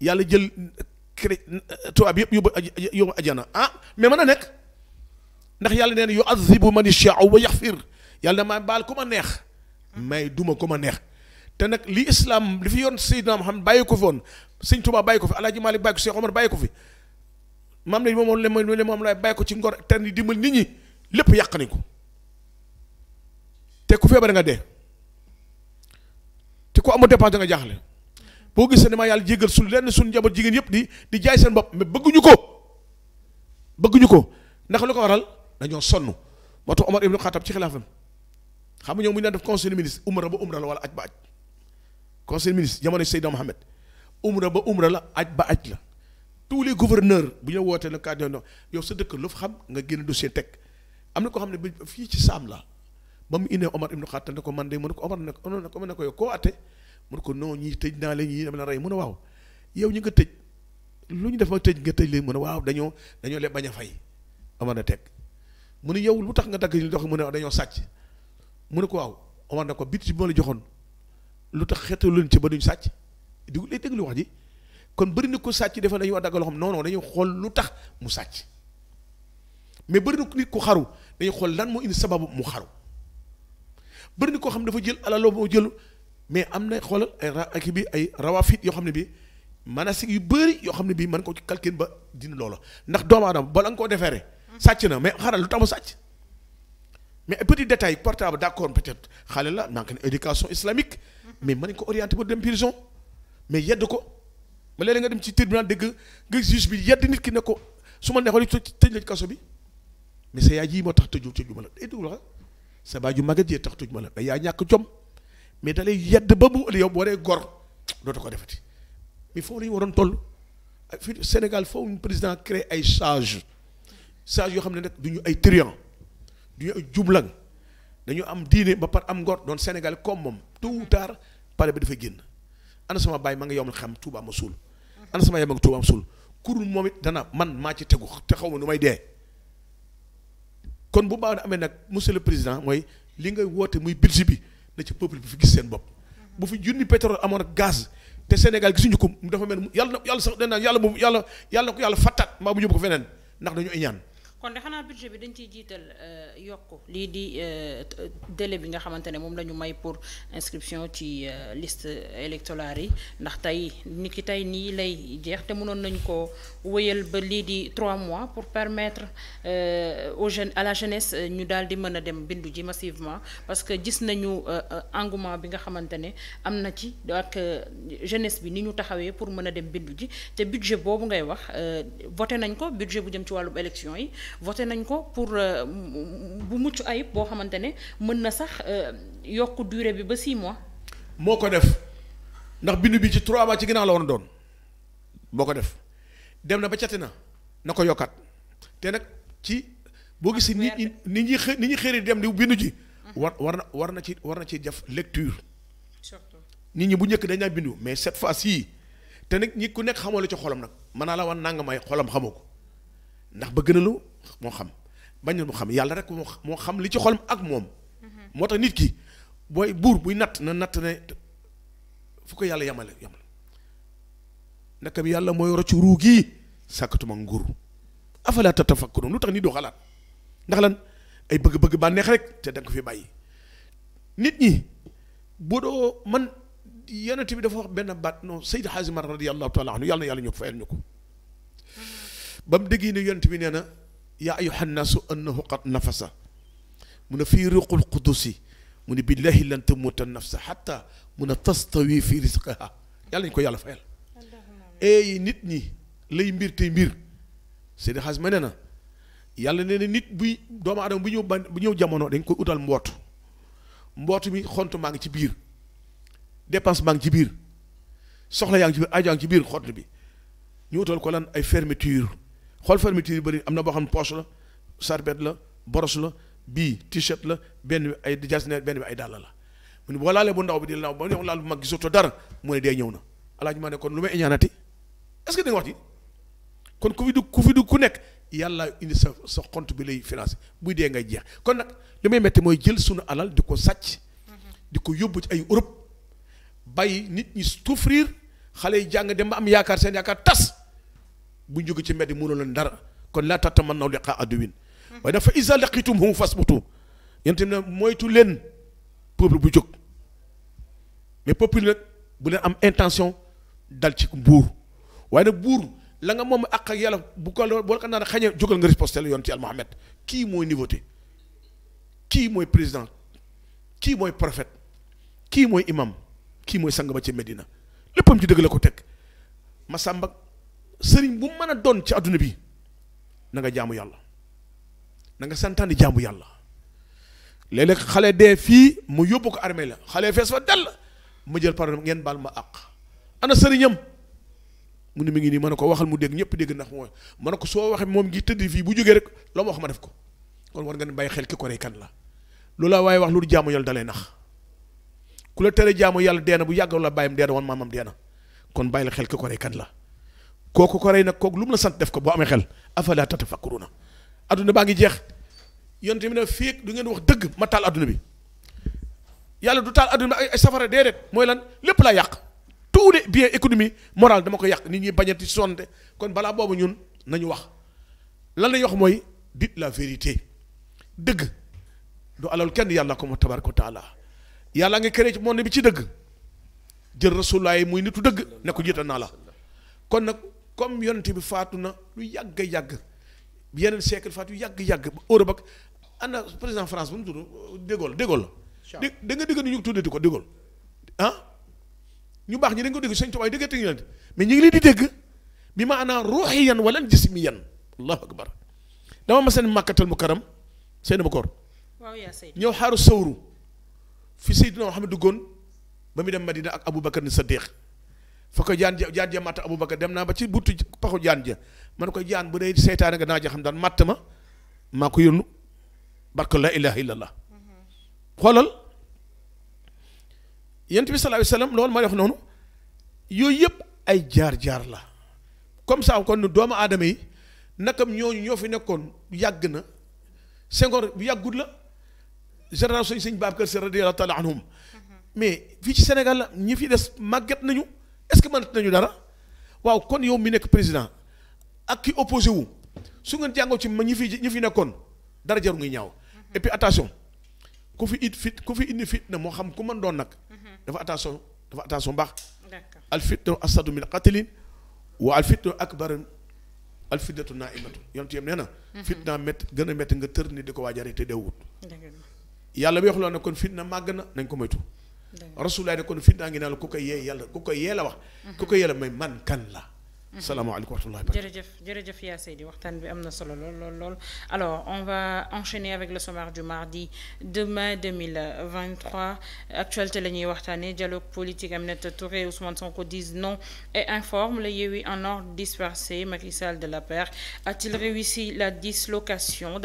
yàlla jël cré euh, tubaab yëpp yóbbu yóbbu ajana ah mais mën a nekk ndax yàlla nee na yu'azzibu man yashaa'u wa yaxfir yàlla maa baal ko ma neex may duma ko ma neex te nag li islam li fi yoon Seydina Muhammad bàyyi ko fi woon Sëñ Tuubaa bàyyi ko fi Alaaji Maalik bàyyi ko Seex Omar bàyyi ko fi maam la moom le moom le moom laay bàyyi ko ci ngor te ni dimbal nit ñi lépp yàqani ko te ku feebar nga dee te ku amul dépense nga jaaxle boo gisee ne ma yàlla jéggal su lenn suñ njaboot jigéen yëpp di di jaay seen bopp mais bëgguñu ko bëgguñu ko ndax lu ko waral dañoo sonn moo tax Omar ibnu Xattaab ci xilaafam xam nga ñoom bu def conseil des ba umra la wala aj ba aj conseil des ministres jamono Seydina Mohamed umra ba la aj ba aj la tous les gouverneurs bu ñu wootee ne cadre yow sa dëkk lu xam nga génn dossier teg am na ko xam ne fii ci saam la ba mu Omar ibnu Xattaab ne ko man de mu ne ko Omar ne ko ne ko yow koo atte mun ko non ñii tëj naa leen ñii dama la rey mun a waaw yow ñu nga tëj lu ñu def ma tëj nga tëj leen mun a waaw dañoo dañoo leen bañ a fay Omar na teg mu ne yow lu tax nga dagg ñu dox mu ne dañoo sàcc mu ne ko waaw Omar ko bit ci bi la joxoon lu tax xeetu luñ ci ba sàcc di lay déglu wax ji kon bëri na ko sàcc defe dañoo dagg loo xam non non dañuy xool lu tax mu sàcc mais bëri na nit ku xaru dañuy xool lan moo indi sababu mu xaru bëri na koo xam dafa jël alal loo jël. mais am na xoolal ay ra ak bi ay rawafit yoo xam ne bi manasik yu bëri yoo xam ne bii man ko ci calcul ba dina loola ndax doomu aadama bala nga koo defeere mm-hmm. sàcc na mais xaaral lu tax mu sàcc mais petit détail portable peut-être xale la manque na éducation islamique mm-hmm. mais mën nañ ko orienté ba dem mais yedd ko ba léeg nga dem ci tribunal dégg nga juge bi yedd nit ki ne ko su ma neexoon tëj kaso bi mais sa yaay ji moo tax tëju tëju ma la day dugg la sa baay ju màgget jee tax tëju ma la mais yaa ñàkk jom mais da lay yedd ba mu yow boo dee gor dootu ko defati mais foofu la ñu waroon toll fi Sénégal foofu ñu président créé ay sages sages yoo xam ne nag du ñu ay trian du ñu ay jublang dañu am diine ba par am ngor doon Sénégal comme moom tôt ou tard pare bi dafay génn ana sama baay ma nga yomal xam Touba ma suul ana sama yaay ma nga Touba ma suul kurul moom it dana man maa ci tegu te xaw ma nu may dee kon bu baax na amee nag monsieur le président mooy li ngay woote muy budget bi na ci peuple bi fi gis seen bopp bu fi junni pétrole amoon a gaz te Sénégal gisuñu ko dafa mel yàlla yàlla sax dañ naan yàlla moom yàlla yàlla ko yàlla fattaat mbaa bu yóbbu ko feneen ndax dañu iñaan kon de xanaa budget bi dañ ciy jiital euh, yokk lii di euh, délé bi nga xamante ne moom lañu may pour inscription ci euh, liste électorale yi ndax tey ni ki tey nii lay jeex te mënoon nañu ko wëyal ba lii di trois mois pour permettre aux jeunes à la jeunesse ñu daal di mën a dem bindu ji massivement parce que gis nañu engouement bi nga xamante ne am na ci ak jeunesse bi ni ñu taxawee pour mën a dem bindu ji te budget boobu ngay wax voté nañ ko budget bu jëm ci wàllu élection yi voté nañ ko pour euh, bu mucc ayib boo xamante ne mën na sax euh, yokk durée bi ba six mois. moo ko def ndax bindu bi ci trois mois ci ginnaaw la war doon boo ko def dem na ba cati na na ko yokkat te nag ci boo gis ni ni ñuy xë ni ñuy xëri dem di bindu ji. war war na war na ci war na ci def lecture. surtout nit ñi bu njëkk dañ daan bindu mais cette fois ci te nag ñi ku nekk xamoo la ci xolam nag mën naa la wan nangam ay xolam xamoo ko. ndax bëgg na lu moo xam bañ mu xam yàlla rek moo xam li ci xolam ak moom. Mhm. moo tax nit ki booy buur buy natt na natt ne fu ko yàlla yamale yamale nakam yàlla mooy rocc ruu gii sàkkatuma nguur afala tatafakkurun lu tax nit doo xalaat ndax lan ay bëgg-bëgg bànneex rek te da nga ko fi bàyyi nit ñi boo doo man yonent bi dafa wax benn baat non Seyd Haazimar radiyallahu taala anhu yàlla na yàlla ñu ko fayal ñu ko. ba mu déggee ne yonent bi nee na yaa ayyuhan naasu annahu qad nafasa mu ne fii ruqul qudusi mu ne billahi lan tamuuta nafsa xatta mu a tastawi fii risqiha yàlla ñu ko yàlla fayal eey nit ñi lay mbir tey mbir Seydi Xaas ma nee na yàlla nee na nit buy doomu aadama bu ñëw ban bu ñëw jamono dañ koy utal mbootu mbootu mi xont maa ngi ci biir dépense maa ngi ci biir soxla yaa ngi ci biir aajo ngi ci biir xont bi ñu utal ko lan ay fermeture xool fermeture yu bari am na boo xam ne poche la sarbet la boros la bii t-shirt la benn bi ay jasneer benn bi ay dàll la mu ne boo laalee bu ndaw bi di laaw ba ñëw laal mag gisatoo dara mu ne dee ñëw na ma ne lu may iñaanati est-ce que da wax ji kon ku fi du ku fi du ku nekk yàlla indi sa sa compte bi lay financé buy dee ngay jeex kon nag li may métti mooy jël sunu alal di ko sàcc di ko yóbbu ci ay Europe bàyyi nit ñi souffrir xale yi jàng dem ba am yaakaar seen yaakaar tas bu ñu jóge ci mbedd mënoo leen dara kon laa tatamannaw liqaa aduwin waaye dafa bu laqitumhum fasbutu yéen tamit moytu leen peuple bu jóg mais peuple nag bu leen am intention dal ci buur waaye nag buur la nga moom ak ak yàlla bu ko boo ko naan xañee jógal nga riposte la yoon ci almahamed kii mooy nouveauté kii mooy président kii mooy profet kii mooy imam kii mooy sang ba ci Medina léppam ci dëgg la ko teg Masamba. sëriñ bu mën a doon ci àdduna bi na nga jaamu yàlla na nga santaani jaamu yàlla léeg-léeg xale dee fii mu yóbbu ko armée la xale fees fa dell ma jël par ngeen baal ma àq ana sëriñam mun ni mi ngi nii mën na ko waxal mu dégg ñëpp dégg ndax mooy mën na ko soo waxee moom ngi tëdd fii bu jógee rek la ma wax ma def ko kon war ngeen bàyyi xel ki ko rey kan la loolu laa waaye wax loolu jaamu yàlla dalay nax ku la tere jaamu yàlla deena bu yàgg la bàyyam deena woon maamam deena kon bàyyi la xel ki ko rey la kooku ko rey nag kooku lu mu la sant def ko boo amee xel afala tatafakkuruna adduna baa ngi jeex yonte mi ne fii du ngeen wax dëgg ma taal adduna bi yàlla du taal adduna bi ay safara déedéet mooy lan lépp laa yàq tous les biens économie morale dama ko yàq nit ñi bañati sonde kon balaa boobu ñun nañu wax lan lañuy wax mooy dites la vérité dëgg du alal kenn yàlla ko ma tabaraka taala yàlla nga créé ci monde bi ci dëgg jël rasulaay muy nitu dëgg ne ko jiital naa la comme yonent bi faatu na lu yàgg yàgg yeneen siècle faatu yàgg yàgg Europe ak ana président France bu mu tudd de la. de da nga dégg ni ñu tuddati ko de ah ñu baax ñi dañ ko dégg sëñ Tuubaa déggati ñu mais ñu ngi leen di dégg bi ma ana ruuhiyan wala jismiyan allahu akbar dama ma seen màkkatal mu karam seen ba koor ñëw xaaru sawru fi Seydina Muhammad duggoon ba muy dem Madina ak abu Aboubacar ni Saddiq fa ko jaan ja jaan ja matt Aboubacar dem naa ba ci buntu paxu jaan ja man ko jaan bu dee seytaane nga naa xam daan matt ma maa ko yónnu barka la ilaha illallah xoolal yent bi sallallahu alayhi wa ma def noonu yooyu yëpp ay jaar-jaar la comme ça doomu aadama yi nakam ñooñu ñoo fi nekkoon yàgg na Senghor bu yàggut la génération yi sëñ Babacar Sy radiyallahu taala anhum mm-hmm. mais fii ci Sénégal la ñi fi des màgget nañu est-ce que mënat nañu dara waaw kon yow mi nekk président ak ki opposé su ngeen jàngoo ci ma ñi fi ñi fi nekkoon dara jaru ngi ñaaw et puis attention ku fi it fit ku fi indi fit na moo xam ku mën doon nag dafa attention dafa attention baax al fitnatu asadu min qatlin wa al fitnatu akbaru al fitnatu naimatu yontu yam nee na fitna métt gën a métti nga tër ni di ko waajare te deewut yàlla bi wax loo ne kon fitna màgg na nañ ko moytu rasulullah ne kon fitnaa ngi naa la ku ko yee yàlla ku ko yee la wax mhm. ku ko yee la may man kan la mhm. salaamaaleykum wa rahmatulah. jërëjëf jërëjëf yaa actualité la ñuy waxtaanee dialogue politique Aminata Touré et Ousmane Sonko non et informe le Yewwi en ordre dispersé Macky de la paire a-t-il réussi la dislocation